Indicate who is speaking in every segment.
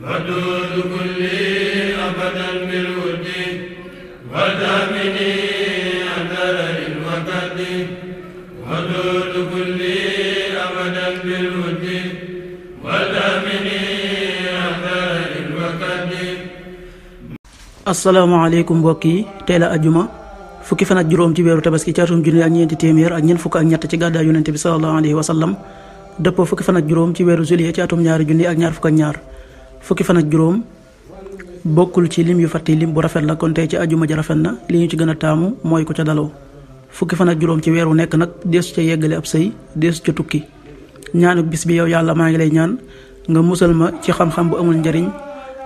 Speaker 1: مدود كلي أبدا بالود وتامني أثر الوقت مدود كلي أبدا بالود وتامني أثر الوقت asalaamaaleykum mbokk yi tey la ajuma fukki fan ak juróom ci weeru tabaski ci atum junni ak ñeenti téeméer ak ñeent fukk ak ñett ci gàddaa yonente bi salallahu alayhi wa sallam dëppoo fukki fan ak juróom ci weeru juillet ci atum ñaari junni ak ñaar fukk ñaar fukki fan ak juróom bokkul ci lim yu fàtte lim bu rafet la kon tey ci ajuma ji rafet na li ñu ci gën a taamu mooy ko ca daloo fukki fan ak juróom ci weer wu nekk nag deesu ca yeggale ab sëy deesu ca tukki ñaanu bis bi yow yàlla maa ngi lay ñaan nga musal ma ci xam-xam bu amul njariñ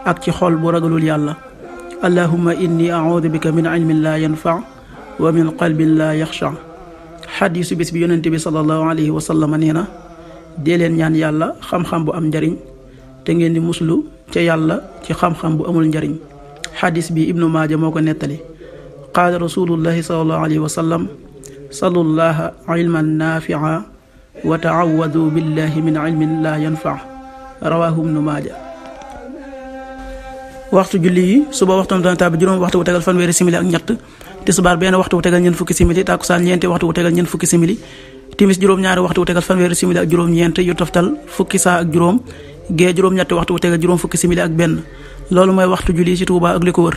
Speaker 1: ak ci xol bu ragalul yàlla allahumma inni audu bika min ilmin la yanfa wa min qalbin la yaxsha xadiisu bis bi yonente bi salallahu alayhi wa sallam nee na dee leen ñaan yàlla xam bu am njariñ te ngeen di muslu ca yàlla ci xam-xam bu amul njariñ xadis bi ibnu maaja moo ko nettali qaala rasulullahi salallahu alayhi wa sallam salullaha ilman naafia wa taawadu billahi min ilmin laa yanfa rawaahu ibnu maaja waxtu julli yi suba waxtu dana tàbbi juróom waxtu bu tegal fanweeri simili ak ñett tisbaar benn waxtu bu tegal ñeent fukki simili takusaan ñeenti waxtu bu tegal ñeent fukki timis juróom-ñaari waxtu bu tegal fanweeri simili ak juróom-ñeent yu fukki saa ak juróom gee juróom-ñetti waxtu wu teg juróom fukki simili ak benn loolu mooy waxtu julli ci Touba ak li ko wër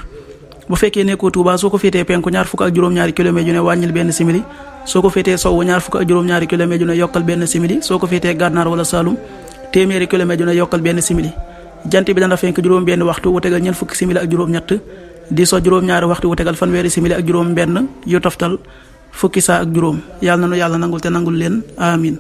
Speaker 1: bu fekkee nekkoo Touba soo ko féetee penku ñaar fukk ak juróom-ñaari kilomètres juróom-ñaari waxtu wu tegal ñeent fukki simili ak juróom-ñett di so juróom-ñaari waxtu wu tegal fanweeri simili ak juróom benn yu toftal fukki saa ak juróom yàlla na nu yàlla nangul te nangul leen amin